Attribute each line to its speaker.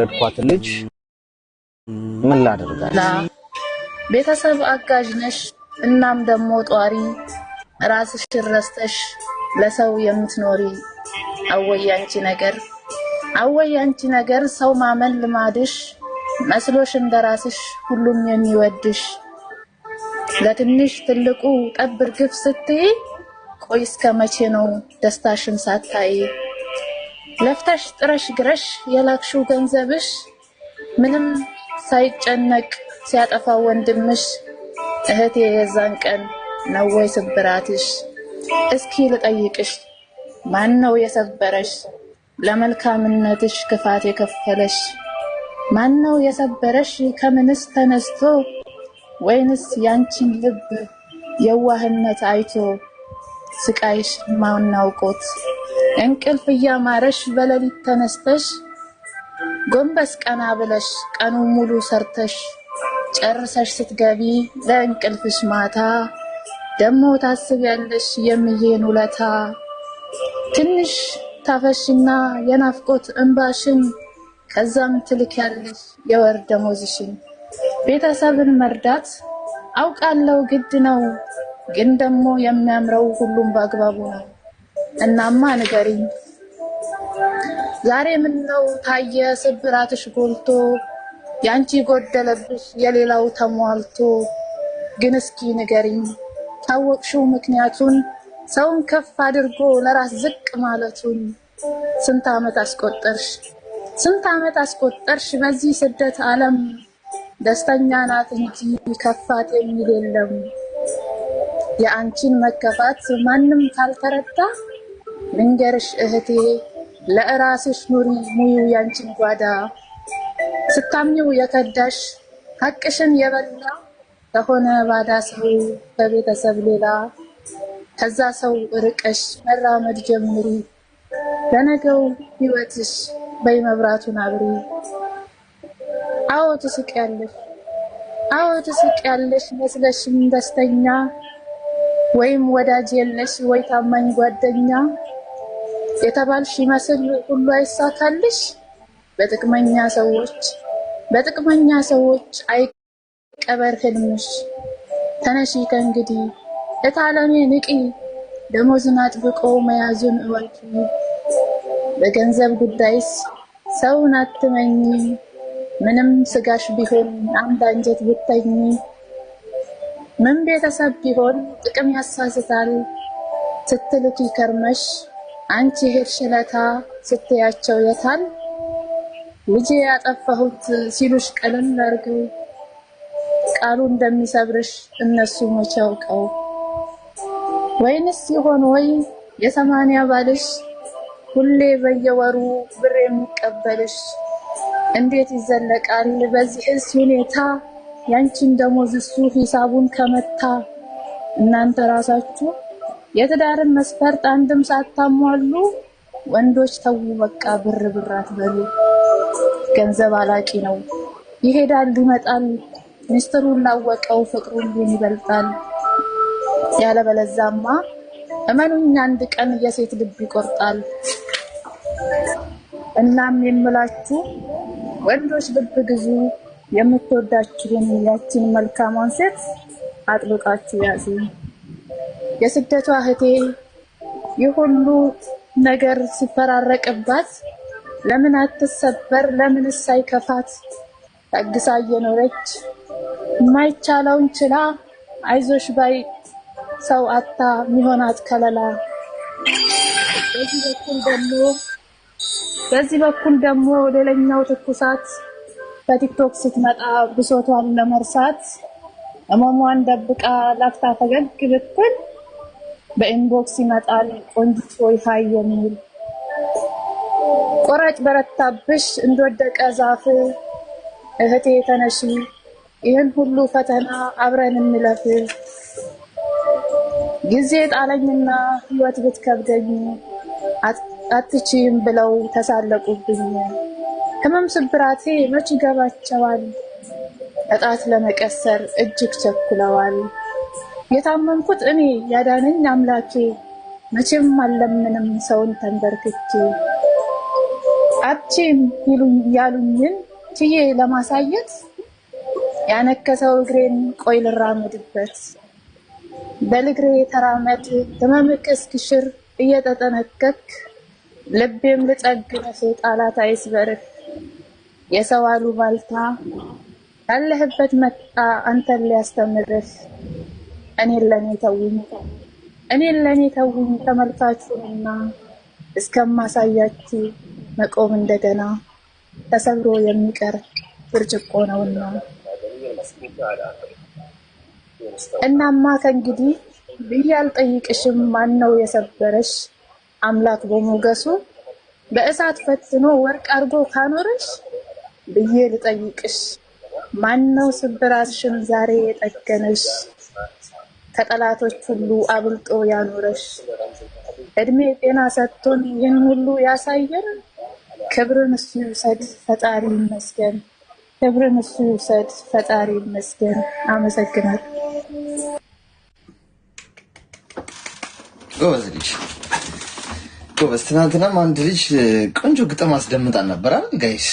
Speaker 1: የወለድኳት ልጅ ምን ላደርጋት? ቤተሰብ አጋዥ ነሽ። እናም ደግሞ ጧሪ ራስሽ ረስተሽ ለሰው የምትኖሪ አወያንቺ ነገር አወያንቺ ነገር ሰው ማመን ልማድሽ መስሎሽ እንደራስሽ ሁሉም የሚወድሽ ለትንሽ ትልቁ ጠብር እርግፍ ስትይ ቆይ እስከ መቼ ነው ደስታሽን ሳታይ ለፍተሽ ጥረሽ ግረሽ የላክሽው ገንዘብሽ ምንም ሳይጨነቅ ሲያጠፋ ወንድምሽ እህቴ የዛን ቀን ነው ወይ ስብራትሽ? እስኪ ልጠይቅሽ ማን ነው የሰበረሽ? ለመልካምነትሽ ክፋት የከፈለሽ ማን ነው የሰበረሽ? ከምንስ ተነስቶ ወይንስ ያንቺን ልብ የዋህነት አይቶ ስቃይሽ ማናውቆት? አውቆት እንቅልፍ እያማረሽ በሌሊት ተነስተሽ ጎንበስ ቀና ብለሽ ቀኑ ሙሉ ሰርተሽ ጨርሰሽ ስትገቢ ለእንቅልፍሽ ማታ ደሞ ታስቢያለሽ የምዬን ውለታ። ትንሽ ታፈሽና የናፍቆት እንባሽን ከዛም ትልኪያለሽ የወር ደሞዝሽን። ቤተሰብን መርዳት አውቃለው ግድ ነው፣ ግን ደግሞ የሚያምረው ሁሉም በአግባቡ ነው። እናማ ንገሪኝ ዛሬ ነው ታየ ስብራትሽ ጎልቶ ያንቺ ጎደለብሽ የሌላው ተሟልቶ ግን እስኪ ንገሪኝ ታወቅሽው ምክንያቱን ሰውን ከፍ አድርጎ ለራስ ዝቅ ማለቱን ስንት ዓመት አስቆጠርሽ ስንት ዓመት አስቆጠርሽ በዚህ ስደት ዓለም ደስተኛ ናት እንጂ ከፋት የሚል የለም የአንቺን መከፋት ማንም ካልተረዳ ልንገርሽ እህቴ፣ ለእራስሽ ኑሪ ሙዩ ያንቺን ጓዳ ስታምኚው የከዳሽ ሀቅሽን የበላ ከሆነ ባዳ ሰው ከቤተሰብ ሌላ ከዛ ሰው ርቀሽ መራመድ ጀምሪ። ለነገው ህይወትሽ በይ መብራቱን አብሪ። አዎ ያለሽ አዎ ያለሽ መስለሽም ደስተኛ ወይም ወዳጅ የለሽ ወይ ታማኝ ጓደኛ የተባልሽ ይመስል ሁሉ አይሳካልሽ። በጥቅመኛ ሰዎች በጥቅመኛ ሰዎች አይቀበር ህልምሽ። ተነሺ ከእንግዲህ እታለሜ ንቂ፣ ደሞዝን አጥብቆ መያዙን እወቂ። በገንዘብ ጉዳይስ ሰውን አትመኝ፣ ምንም ስጋሽ ቢሆን አንድ አንጀት ብተኝ። ምን ቤተሰብ ቢሆን ጥቅም ያሳስታል ስትልክ ከርመሽ አንቺ ሄድሽ ስትያቸው የታል ልጅ ያጠፋሁት ሲሉሽ ቀለም አድርገው ቃሉ እንደሚሰብርሽ እነሱ መቼ ያውቀው ወይንስ ሲሆን ወይ የሰማንያ ባልሽ ሁሌ በየወሩ ብር የሚቀበልሽ እንዴት ይዘለቃል በዚህስ ሁኔታ ያንቺን ደሞዝ እሱ ሂሳቡን ከመታ እናንተ ራሳችሁ የትዳርን መስፈርት አንድም ሳታሟሉ ወንዶች ተው በቃ ብር ብራት በሉ። ገንዘብ አላቂ ነው። ይሄዳል ይመጣል፣ ሚስጥሩን ላወቀው ፍቅሩን ይበልጣል። ያለበለዛማ እመኑኝ አንድ ቀን የሴት ልብ ይቆርጣል። እናም የምላችሁ ወንዶች ልብ ግዙ። የምትወዳችሁን ያችን መልካሟን ሴት አጥብቃችሁ ያዙኝ። የስደቷ እህቴ የሁሉ ነገር ሲፈራረቅባት ለምን አትሰበር፣ ለምን ከፋት ታግሳ እየኖረች የማይቻለውን ችላ አይዞሽ ባይ ሰው አታ የሚሆናት ከለላ። በዚህ በኩል ደግሞ በዚህ በኩል ደግሞ ሌላኛው ትኩሳት በቲክቶክ ስትመጣ ብሶቷን ለመርሳት እመሟን ደብቃ ላፍታ ፈገግ ብትል በኢንቦክስ ይመጣል። ቆንጆ ሀይ የሚል ቆራጭ በረታብሽ እንደወደቀ ዛፍ እህቴ ተነሺ፣ ይህን ሁሉ ፈተና አብረን እንለፍ። ጊዜ ጣለኝና ህይወት ብትከብደኝ አትችይም ብለው ተሳለቁብኝ። ህመም ስብራቴ መች ይገባቸዋል፣ እጣት ለመቀሰር እጅግ ቸኩለዋል። የታመምኩት እኔ ያዳነኝ አምላኬ፣ መቼም አለምንም ሰውን ተንበርክኬ። ይሉኝ ያሉኝን ችዬ ለማሳየት ያነከሰው እግሬን ቆይ ልራመድበት። በልግሬ ተራመድ ህመምክ እስክሽር እየተጠነቀክ ልቤም ልጠግንህ ጣላት አይስበርህ። የሰው አሉባልታ ያለህበት መጣ አንተን ሊያስተምርህ እኔን ለእኔ ተውኝ፣ እኔን ለእኔ ተውኝ። ተመልካችሁንና እስከማሳያችሁ መቆም እንደገና ተሰብሮ የሚቀር ብርጭቆ ነውና እናማ ከእንግዲህ ብዬ አልጠይቅሽም። ነው የሰበረሽ? አምላክ በሞገሱ በእሳት ፈትኖ ወርቅ አድርጎ ካኖረሽ ብዬ ልጠይቅሽ። ነው ስብራትሽን ዛሬ የጠገነሽ? ከጠላቶች ሁሉ አብልጦ ያኖረሽ እድሜ ጤና ሰጥቶን ይህን ሁሉ ያሳየን ክብርን እሱ ይውሰድ ፈጣሪ ይመስገን። ክብርን እሱ ይውሰድ ፈጣሪ ይመስገን። አመሰግናል። ጎበዝ ልጅ ጎበዝ። ትናንትናም አንድ ልጅ ቆንጆ ግጥም አስደምጣን ነበራል ጋይስ?